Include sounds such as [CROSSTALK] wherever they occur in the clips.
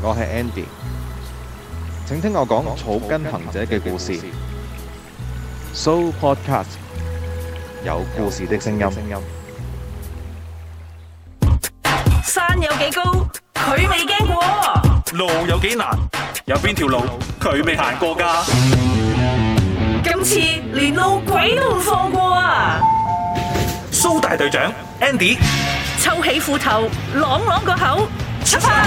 我係 Andy，請聽我講草根行者嘅故事。So Podcast 有故事的聲音。山有幾高，佢未驚過；路有幾難，有邊條路佢未行過㗎。今次連路鬼都唔放過啊！蘇大隊長 Andy，抽起褲頭，朗朗個口，出發！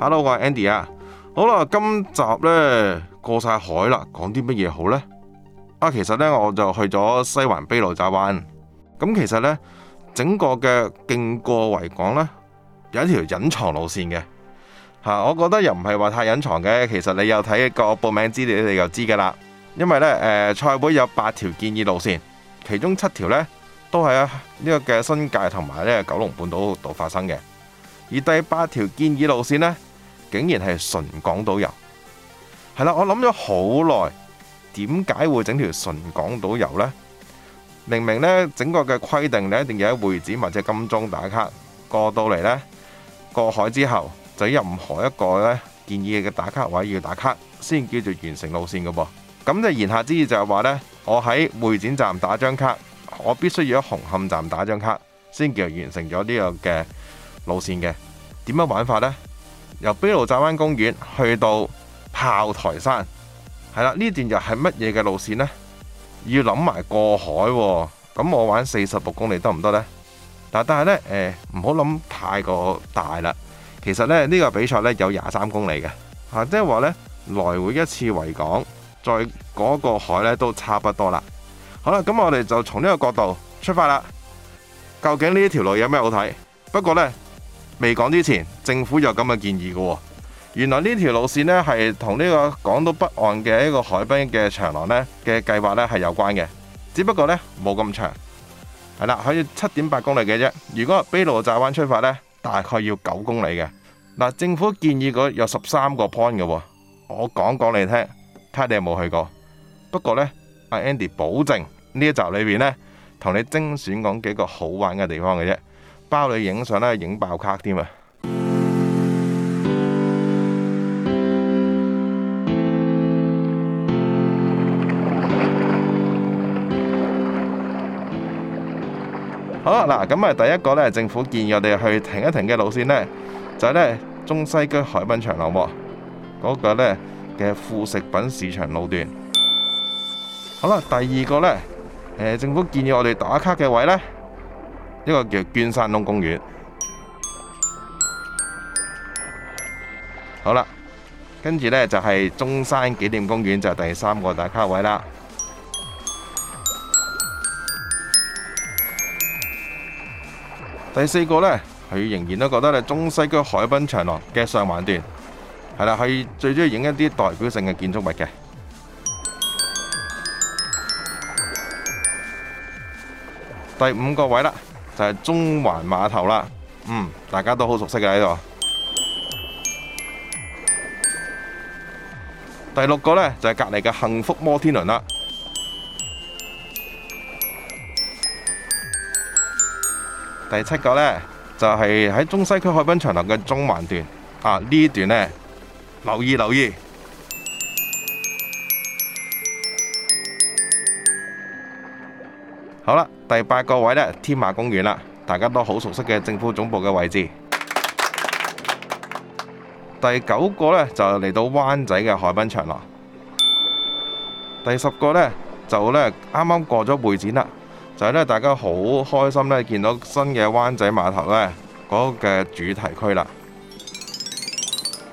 Hello，我係 Andy 啊。好啦，今集呢，過晒海啦，講啲乜嘢好呢？啊，其實呢，我就去咗西環卑路乍灣。咁其實呢，整個嘅經過維港呢，有一條隱藏路線嘅吓、啊。我覺得又唔係話太隱藏嘅。其實你有睇個報名資料，你就知噶啦。因為呢，誒、呃、賽會有八條建議路線，其中七條呢，都係啊呢、這個嘅新界同埋呢，九龍半島度發生嘅。而第八條建議路線呢，竟然係純港島遊，係啦，我諗咗好耐，點解會整條純港島遊呢？明明呢整個嘅規定你一定要喺會展或者金鐘打卡，過到嚟呢，過海之後，就任何一個呢建議嘅打卡位要打卡，先叫做完成路線噶噃。咁就言下之意就係話呢：我喺會展站打張卡，我必須要喺紅磡站打張卡，先叫完成咗呢個嘅路線嘅。點樣玩法呢？由卑路乍灣公園去到炮台山，係啦，呢段又係乜嘢嘅路線呢？要諗埋過海，咁我玩四十六公里得唔得呢？但係咧，唔好諗太過大啦。其實呢呢、呢個比賽呢，有廿三公里嘅，吓、啊，即係話呢，來回一次維港，再嗰個海呢都差不多啦。好啦，咁我哋就從呢個角度出發啦。究竟呢條路有咩好睇？不過呢。未講之前，政府有咁嘅建議嘅喎。原來呢條路線呢，係同呢個港島北岸嘅一個海濱嘅長廊呢嘅計劃呢，係有關嘅，只不過呢，冇咁長。係啦，可以七點八公里嘅啫。如果卑路乍灣出發呢，大概要九公里嘅。嗱，政府建議嗰有十三個 point 嘅喎。我講講你聽，睇你有冇去過。不過呢，阿 Andy 保證呢一集裏邊呢，同你精選講幾個好玩嘅地方嘅啫。包你影相咧，影爆卡添啊！好啦，嗱，咁啊，第一個呢，政府建議我哋去停一停嘅路線呢，就係呢中西區海濱長廊喎，嗰個呢嘅副食品市場路段。好啦，第二個呢，政府建議我哋打卡嘅位呢。一個叫捐山窿公園，好啦，跟住咧，就係中山紀念公園，就係第三個打卡位啦。第四個咧，佢仍然都覺得咧，中西區海濱長廊嘅上環段係啦，係最中意影一啲代表性嘅建築物嘅。第五個位啦。就係中環碼頭啦，嗯，大家都好熟悉嘅喺度。第六個呢，就係隔籬嘅幸福摩天輪啦。第七個呢，就係喺中西區海濱長廊嘅中環段啊，呢段呢，留意留意。好啦。第八個位呢，添馬公園啦，大家都好熟悉嘅政府總部嘅位置。 [LAUGHS] 第九個呢，就嚟到灣仔嘅海濱長廊。 [LAUGHS] 第十個呢，就呢啱啱過咗會展啦，就係、是、呢大家好開心呢見到新嘅灣仔碼頭呢嗰嘅、那個、主題區啦。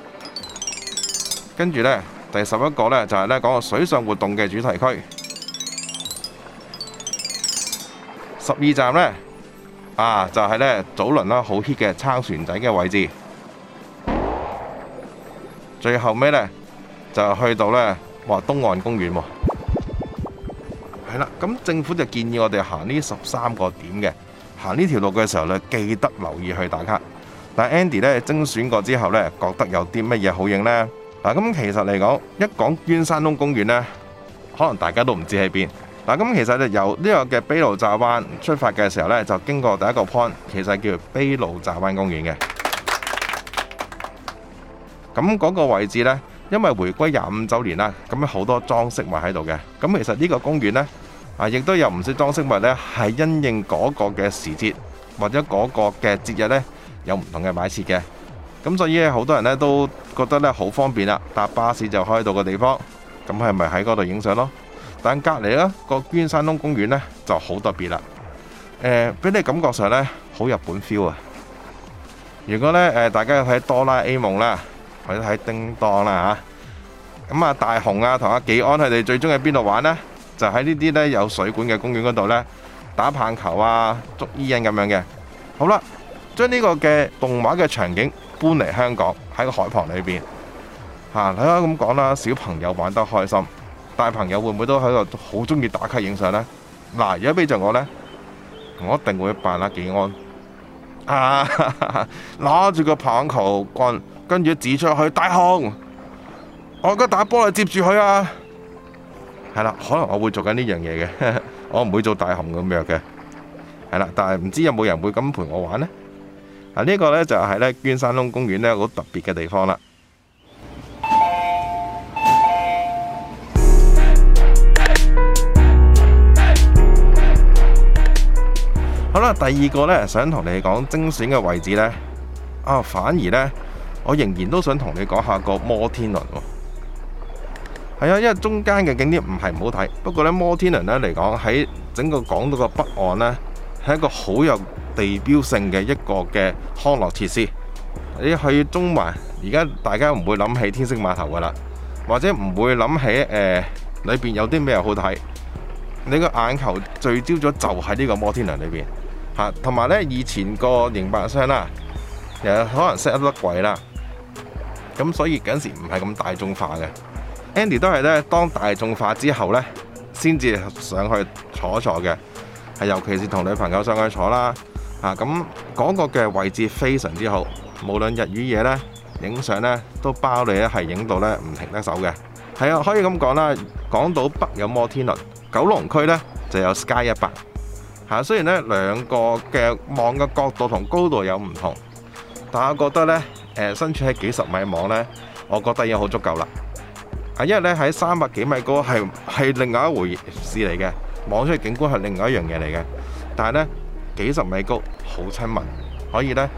[LAUGHS] 跟住呢，第十一個呢，就係呢講個水上活動嘅主題區。十二站呢，啊就係呢早輪啦，好 hit 嘅撐船仔嘅位置。最後尾呢就去到呢哇東岸公園喎，係啦。咁政府就建議我哋行呢十三個點嘅，行呢條路嘅時候呢，記得留意去打卡。但 Andy 呢，精選過之後呢，覺得有啲乜嘢好影呢？嗱咁其實嚟講，一講捐山東公園呢，可能大家都唔知喺邊。嗱，咁其實咧由呢個嘅卑路乍灣出發嘅時候咧，就經過第一個 point，其實係叫做卑路乍灣公園嘅。咁嗰個位置咧，因為回歸廿五週年啦，咁樣好多裝飾物喺度嘅。咁其實呢個公園咧，啊亦都有唔少裝飾物咧，係因應嗰個嘅時節或者嗰個嘅節日咧，有唔同嘅擺設嘅。咁所以咧，好多人咧都覺得咧好方便啊，搭巴士就開到個地方，咁係咪喺嗰度影相咯？但隔籬啦，個娟山東公園呢就好特別啦，誒、呃，俾你感覺上呢，好日本 feel 啊！如果呢誒，大家有睇哆啦 A 夢啦，或者睇叮噹啦吓，咁啊大雄啊同阿技安佢哋最中意邊度玩呢？就喺呢啲呢有水管嘅公園嗰度呢，打棒球啊、捉伊人咁樣嘅。好啦，將呢個嘅動畫嘅場景搬嚟香港喺個海旁裏邊吓，睇下咁講啦，小朋友玩得開心。大朋友會唔會都喺度好中意打卡影相呢？嗱，而家俾着我呢，我一定會扮阿技安，啊，哈哈拿住個棒球棍，跟住指出去大雄，我而家打波嚟接住佢啊！係啦，可能我會做緊呢樣嘢嘅，我唔會做大雄咁樣嘅，係啦。但係唔知有冇人會咁陪我玩呢？嗱、啊，呢、呢個呢，就係呢，捐山窿公園呢，好特別嘅地方啦。好啦，第二個呢，想同你講精選嘅位置呢。啊，反而呢，我仍然都想同你講下個摩天輪喎、哦。係啊，因為中間嘅景點唔係唔好睇，不過呢，摩天輪呢嚟講，喺整個港島嘅北岸呢，係一個好有地標性嘅一個嘅康樂設施。你去中環而家大家唔會諗起天星碼頭㗎喇，或者唔會諗起誒、呃、裏邊有啲咩好睇，你個眼球聚焦咗就喺呢個摩天輪裏邊。同埋咧，以前個營辦商啦，又可能 set 得鬼貴啦，咁所以嗰陣時唔係咁大眾化嘅。Andy 都係咧，當大眾化之後呢，先至上去坐坐嘅，係尤其是同女朋友上去坐啦，嚇、啊、咁，嗰個嘅位置非常之好，無論日與夜呢，影相呢都包你咧係影到呢唔停得手嘅。係啊，可以咁講啦，港島北有摩天輪，九龍區呢就有 Sky 100。吓，雖然呢兩個望嘅角度同高度有唔同，但我覺得呢，誒身處喺幾十米望呢，我覺得已經好足夠啦。啊，因為呢喺三百幾米高係係另外一回事嚟嘅，望出嚟景觀係另外一樣嘢嚟嘅。但係呢，幾十米高好親民，可以呢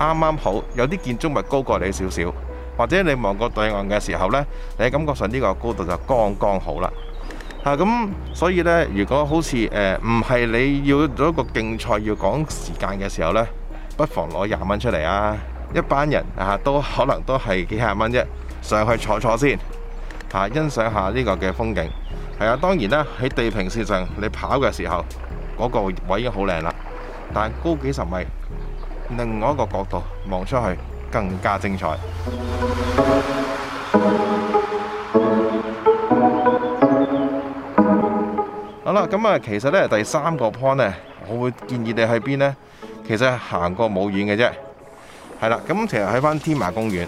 啱啱好有啲建築物高過你少少，或者你望過對岸嘅時候呢，你感覺上呢個高度就剛剛好啦。咁、啊、所以呢，如果好似誒唔係你要做一個競賽要講時間嘅時候呢，不妨攞廿蚊出嚟啊！一班人啊，都可能都係幾廿蚊啫，上去坐坐先嚇、啊，欣賞下呢個嘅風景。係啊，當然啦，喺地平線上你跑嘅時候，嗰、那個位已經好靚啦，但高幾十米，另外一個角度望出去更加精彩。咁啊，其實咧第三個 point 咧，我會建議你去邊呢？其實行過冇遠嘅啫，係啦。咁其實喺翻天馬公園。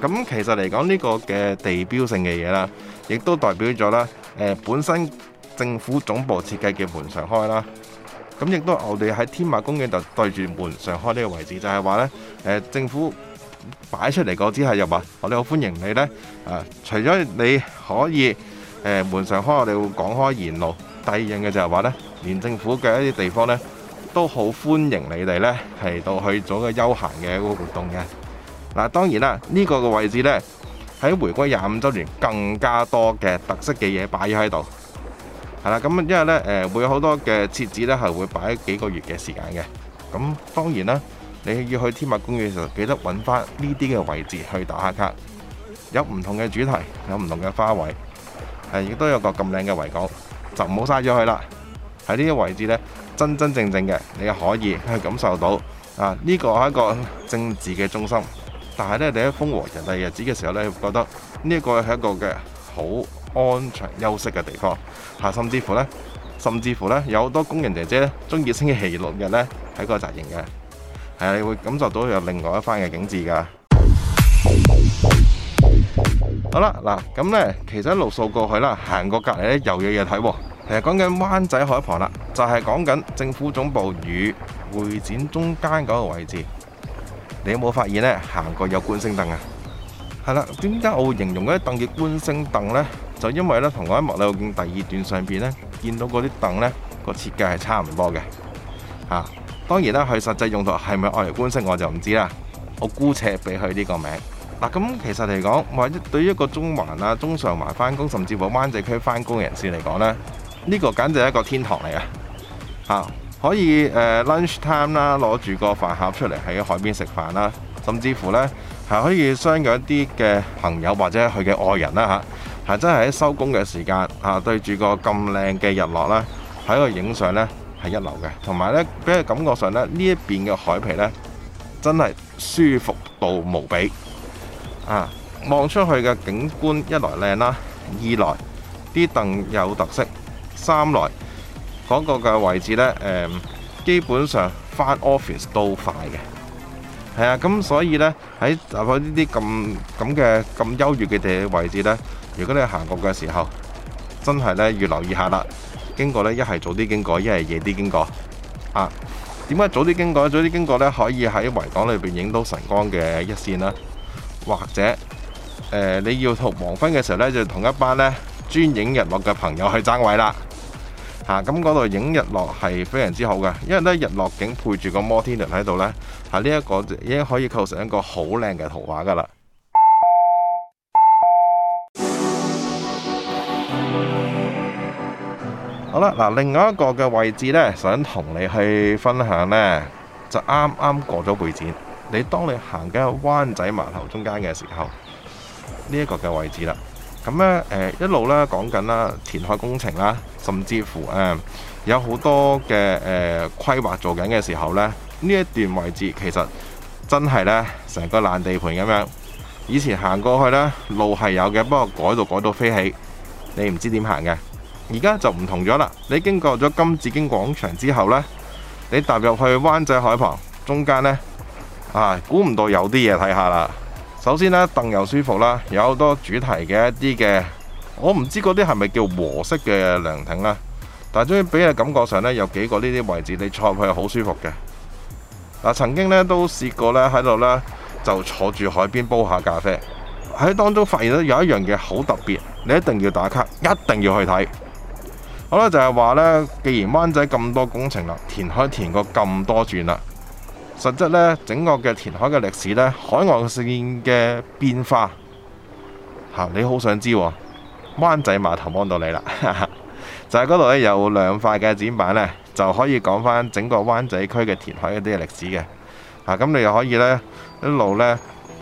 咁 [LAUGHS] 其實嚟講呢個嘅地標性嘅嘢啦，亦都代表咗啦，誒、呃、本身政府總部設計嘅門上開常啦。咁亦都我哋喺天馬公園度對住門常開呢個位置，就係話呢誒政府。擺出嚟嗰支係又話我哋好歡迎你呢。啊，除咗你可以誒、呃、門上開，我哋會講開沿路，第二樣嘅就係話呢連政府嘅一啲地方呢都好歡迎你哋呢係到去做一個休閒嘅一個活動嘅。嗱、啊、當然啦，呢、這個嘅位置呢喺回歸廿五周年更加多嘅特色嘅嘢擺喺度，係、啊、啦，咁因為呢，誒、呃、會有好多嘅設置呢係會擺幾個月嘅時間嘅，咁、啊、當然啦。你要去天馬公園嘅時候，記得揾翻呢啲嘅位置去打下卡，有唔同嘅主題，有唔同嘅花卉，亦都有個咁靚嘅維港，就唔好嘥咗佢啦。喺呢啲位置呢，真真正正嘅你可以去感受到啊！呢、這個係一個政治嘅中心，但係呢，你喺風和日麗日子嘅時候呢，覺得呢一個係一個嘅好安詳休息嘅地方、啊。甚至乎呢，甚至乎咧，有好多工人姐姐呢中意星期六日呢，喺嗰個紮營嘅。係、啊、你會感受到有另外一番嘅景緻噶、嗯。好啦，嗱咁呢，其實一路掃過去啦，行過隔籬呢，又嘢嘢睇。其實講緊灣仔海旁啦，就係講緊政府總部與會展中間嗰個位置。你有冇發現呢？行過有觀星凳啊。係啦，點解我會形容嗰啲凳叫觀星凳呢？就因為呢，同我喺麥理浩徑第二段上邊呢，見到嗰啲凳呢個設計係差唔多嘅，吓、啊。當然啦，佢實際用途係咪愛嚟觀星我就唔知啦。我姑且俾佢呢個名。嗱咁其實嚟講，或者對於一個中環啦、中上環返工，甚至乎灣仔區返工嘅人士嚟講呢，呢、呢個簡直係一個天堂嚟啊！嚇，可以誒 lunch time 啦，攞住個飯盒出嚟喺海邊食飯啦，甚至乎呢，係可以相約一啲嘅朋友或者佢嘅愛人啦吓，係真係喺收工嘅時間嚇對住個咁靚嘅日落啦，喺度影相呢。係一流嘅，同埋咧，俾佢感覺上咧，呢一邊嘅海皮咧，真係舒服到無比啊！望出去嘅景觀一來靚啦，二來啲凳有特色，三來嗰個嘅位置咧，誒，基本上翻 office 都快嘅。係啊，咁所以咧，喺包括呢啲咁咁嘅咁優越嘅地理位置咧，如果你行過嘅時候，真係咧要留意下啦。經過咧，一係早啲經過，一係夜啲經過，經過啊。點解早啲經過？早啲經過咧，可以喺維港裏邊影到晨光嘅一線啦。或者，呃，你要同黃昏嘅時候呢，就同一班咧專影日落嘅朋友去爭位啦。吓，咁嗰度影日落係非常之好嘅，因為咧日落景配住個摩天輪喺度呢，吓，呢一個已經可以構成一個好靚嘅圖畫噶啦。好啦，嗱，另外一個嘅位置呢，想同你去分享呢，就啱啱過咗背展。你當你行緊去灣仔碼頭中間嘅時候，呢、這、一個嘅位置啦。咁呢、呃，一路呢講緊啦，填海工程啦，甚至乎誒、呃、有好多嘅誒規劃做緊嘅時候呢，呢一段位置其實真係呢，成個爛地盤咁樣。以前行過去呢，路係有嘅，不過改到改到飛起，你唔知點行嘅。而家就唔同咗啦！你經過咗金紫荊廣場之後呢，你踏入去灣仔海旁中間呢，啊，估唔到有啲嘢睇下啦！首先呢，凳又舒服啦，有好多主題嘅一啲嘅，我唔知嗰啲係咪叫和式嘅涼亭啦，但係總之俾你感覺上呢，有幾個呢啲位置你坐入去好舒服嘅。嗱、啊，曾經呢，都試過呢喺度呢，就坐住海邊煲下咖啡，喺當中發現到有一樣嘢好特別，你一定要打卡，一定要去睇。好啦，就係話呢，既然灣仔咁多工程啦，填海填過咁多轉啦，實質呢，整個嘅填海嘅歷史呢，海岸線嘅變化你好想知灣仔碼頭幫到你啦，就係嗰度呢。有兩塊嘅展板呢，就可以講返整個灣仔區嘅填海嗰啲嘅歷史嘅，咁你又可以呢，一路呢，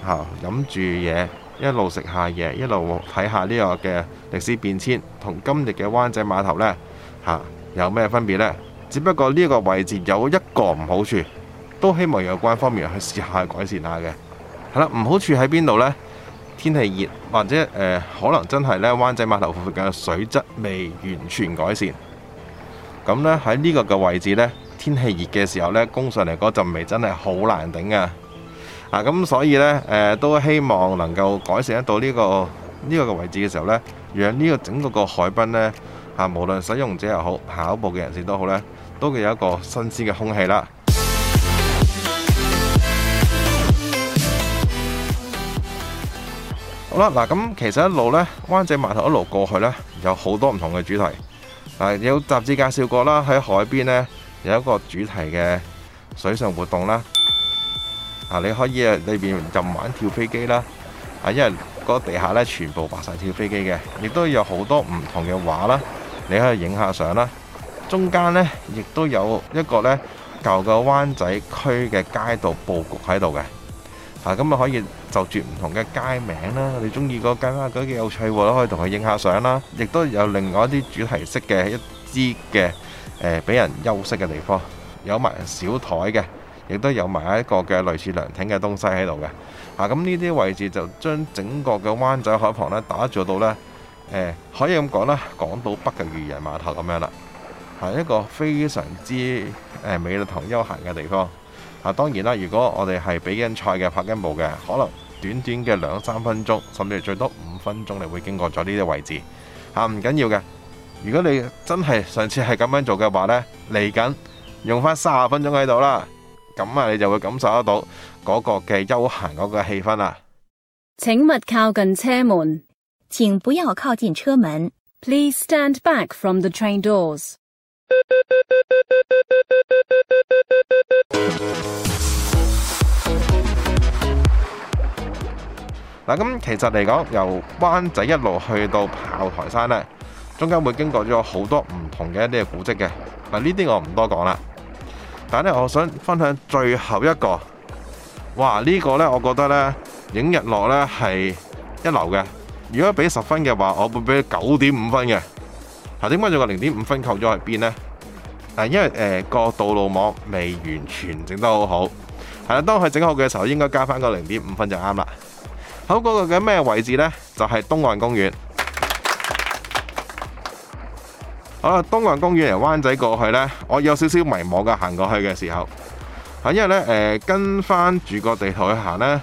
嚇飲住嘢。一路食下嘢，一路睇下呢個嘅歷史變遷，同今日嘅灣仔碼頭呢，嚇、啊、有咩分別呢？只不過呢個位置有一個唔好處，都希望有關方面去試下改善下嘅。係、啊、啦，唔好處喺邊度呢？天氣熱或者、呃、可能真係呢灣仔碼頭附近嘅水質未完全改善。咁呢喺呢個嘅位置呢，天氣熱嘅時候呢，攻上嚟嗰陣味真係好難頂啊！啊，咁所以呢，誒、呃、都希望能夠改善得到呢、呢個呢、呢個嘅位置嘅時候呢，讓呢個整個個海濱呢，啊，無論使用者又好，跑步嘅人士都好呢，都會有一個新鮮嘅空氣啦、嗯。好啦，嗱咁其實一路呢，灣仔碼頭一路過去呢，有好多唔同嘅主題。嗱、啊，有雜誌介紹過啦，喺海邊呢，有一個主題嘅水上活動啦。啊！你可以啊，裏邊就唔玩跳飛機啦，啊，因為個地下咧全部擺晒跳飛機嘅，亦都有好多唔同嘅畫啦，你可以影下相啦。中間呢亦都有一個呢舊嘅灣仔區嘅街道佈局喺度嘅，啊，咁啊可以就住唔同嘅街名啦，你中意個街啊幾、那個、有趣喎，可以同佢影下相啦。亦、啊、都有另外一啲主題式嘅一啲嘅誒俾人休息嘅地方，有埋小台嘅。亦都有埋一個嘅類似涼亭嘅東西喺度嘅。啊，咁呢啲位置就將整個嘅灣仔海旁呢打造到呢，呃、可以咁講啦，港島北嘅漁人碼頭咁樣啦，係、啊、一個非常之美麗同休閒嘅地方。啊，當然啦，如果我哋係比緊賽嘅拍緊步嘅，可能短短嘅兩三分鐘，甚至最多五分鐘你會經過咗呢啲位置嚇，唔、啊、緊要嘅。如果你真係上次係咁樣做嘅話呢，嚟緊用翻三十分鐘喺度啦。咁啊，你就會感受得到嗰個嘅休閒嗰個氣氛啦。請勿靠近車門，請不要靠近車門。Please stand back from the train doors。嗱，咁其實嚟講，由灣仔一路去到炮台山咧，中間會經過咗好多唔同嘅一啲嘅古跡嘅，嗱，呢啲我唔多講啦。但係，我想分享最後一個哇呢、呢個呢，我覺得呢，影日落呢係一流嘅。如果俾十分嘅話，我會俾九點五分嘅。啊，點解仲有零點五分扣咗喺邊呢、啊？因為誒個、呃、道路網未完全整得很好好係啦。當佢整好嘅時候，應該加翻個零點五分就啱啦。好，嗰、嗰個嘅咩位置呢？就係、係、東岸公園。好啦，東岸公園由灣仔過去呢，我有少少迷茫噶，行過去嘅時候，啊，因為呢，誒、呃、跟返住個地圖去行呢，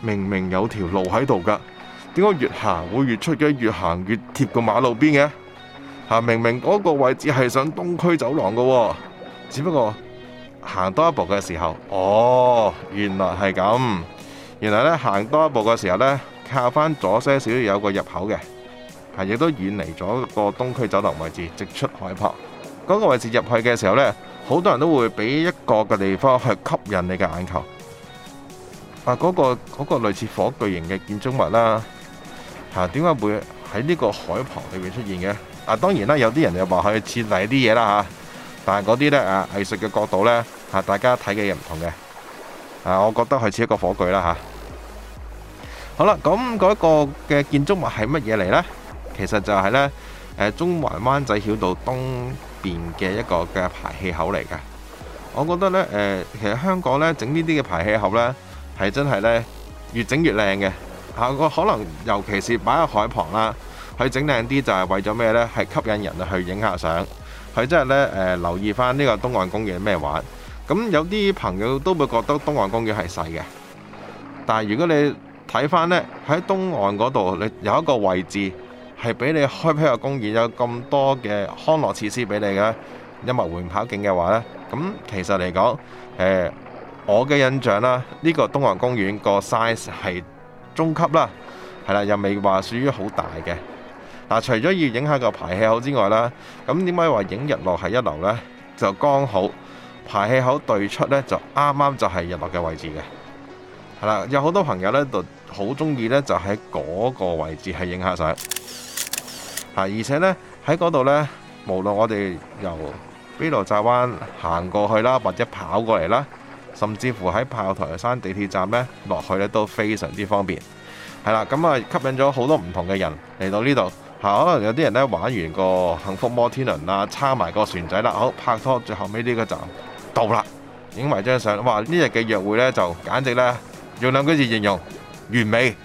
明明有條路喺度噶，點解越行會越出嘅？越行越貼個馬路邊嘅，吓，明明嗰個位置係上東區走廊噶、哦，只不過行多一步嘅時候，哦，原來係咁，原來呢，行多一步嘅時候呢，靠返左些少有個入口嘅。係，亦都遠離咗個東區酒樓位置，直出海旁嗰個位置入去嘅時候咧，好多人都會俾一個嘅地方去吸引你嘅眼球。啊，嗰個嗰個類似火炬型嘅建築物啦，嚇點解會喺呢個海旁裏面出現嘅？啊，當然啦，有啲人又話佢似係一啲嘢啦嚇，但係嗰啲咧啊藝術嘅角度咧嚇，大家睇嘅嘢唔同嘅。啊，我覺得佢似一個火炬啦嚇。好啦，咁嗰個嘅建築物係乜嘢嚟咧？其實就係呢，誒中環灣仔繞道東邊嘅一個嘅排氣口嚟嘅。我覺得呢，誒其實香港呢整呢啲嘅排氣口呢，係真係呢越整越靚嘅。啊，我可能尤其是擺喺海旁啦，佢整靚啲就係為咗咩呢？係吸引人去影下相。佢真係呢，誒、呃、留意翻呢個東岸公園咩玩？咁有啲朋友都會覺得東岸公園係細嘅，但係如果你睇翻呢，喺東岸嗰度，你有一個位置。係俾你開闢個公園，有咁多嘅康樂設施俾你嘅，一密迴旋跑徑嘅話呢，咁其實嚟講，誒、呃、我嘅印象啦，呢、呢個東環公園個 size 係中級啦，係啦，又未話屬於好大嘅嗱。除咗要影下個排氣口之外啦，咁點解話影日落係一流呢？就剛好排氣口對出呢，就啱啱就係日落嘅位置嘅，係啦。有好多朋友呢，就好中意呢，就喺嗰個位置係影下相。啊，而且呢，喺嗰度呢，無論我哋由卑路乍灣行過去啦，或者跑過嚟啦，甚至乎喺炮台山地鐵站呢落去呢，都非常之方便。係啦，咁啊吸引咗好多唔同嘅人嚟到呢度。啊，可能有啲人呢，玩完個幸福摩天輪啦，撐埋個船仔啦，好拍拖，最後尾呢個站到啦，影埋張相。哇！呢日嘅約會呢，就簡直呢用兩句字形容完美。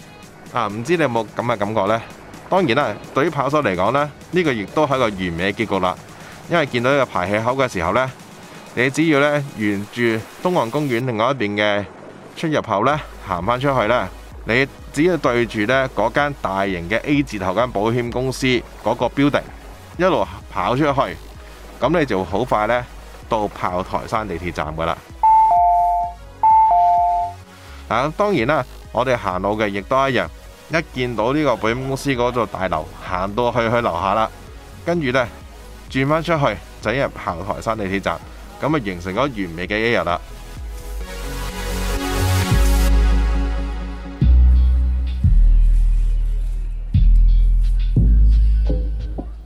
啊，唔知你有冇咁嘅感覺呢？當然啦，對於跑手嚟講咧，呢個亦都係一個完美嘅結局啦。因為見到呢個排氣口嘅時候呢，你只要呢沿住東岸公園另外一邊嘅出入口呢行返出去咧，你只要對住呢嗰間大型嘅 A 字頭間保險公司嗰個 building 一路跑出去，咁你就好快呢到炮台山地鐵站噶啦。嗱，當然啦，我哋行路嘅亦都一樣。一見到呢個保險公司嗰座大樓，行到去去樓下啦，跟住呢，轉返出去就入炮台山地鐵站，咁啊，形成個完美嘅一日啦。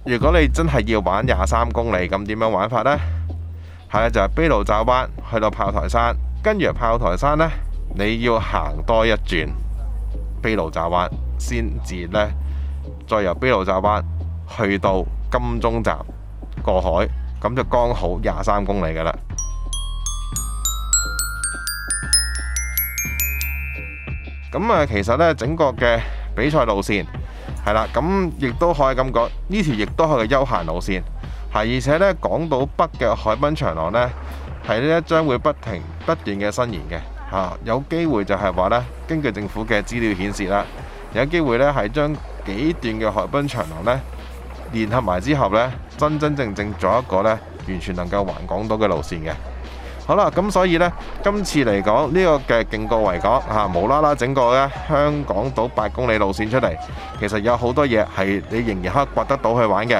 如果你真係要玩廿三公里，咁點樣玩法呢？係啦，就係碑路走翻去到炮台山，跟住炮台山呢，你要行多一轉。卑路乍灣先至呢，再由卑路乍灣去到金鐘站過海，咁就剛好廿三公里噶啦。咁啊，其實呢，整個嘅比賽路線係啦，咁亦都可以咁講，呢條亦都係個休閒路線，係而且呢，港島北嘅海濱長廊呢，係呢一將會不停不斷嘅伸延嘅。啊，有機會就係話咧，根據政府嘅資料顯示啦，有機會咧係將幾段嘅海濱長廊咧聯合埋之後咧，真真正正做一個咧完全能夠環港島嘅路線嘅。好啦，咁所以呢，今次嚟、這個、講呢個嘅勁歌為港嚇無啦啦整個咧香港島八公里路線出嚟，其實有好多嘢係你仍然刻掘得到去玩嘅。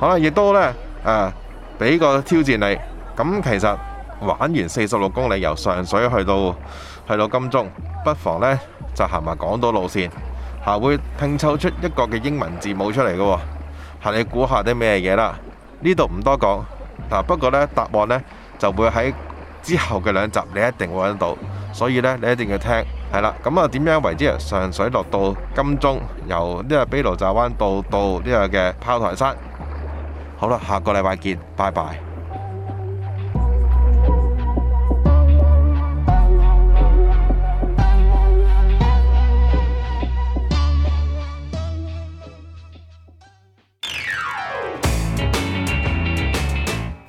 好啦，亦都呢誒俾、啊、個挑戰你，咁其實。玩完四十六公里由上水去到去到金鐘，不妨呢就行埋港島路線，吓會拼湊出一個嘅英文字母出嚟嘅，係、啊、你估下啲咩嘢啦？呢度唔多講，嗱，不過呢答案呢就會喺之後嘅兩集你一定會揾到，所以呢，你一定要聽係啦。咁啊，點樣為之由上水落到金鐘，由呢個卑路乍灣到到呢個嘅炮台山？好啦，下個禮拜見，拜拜。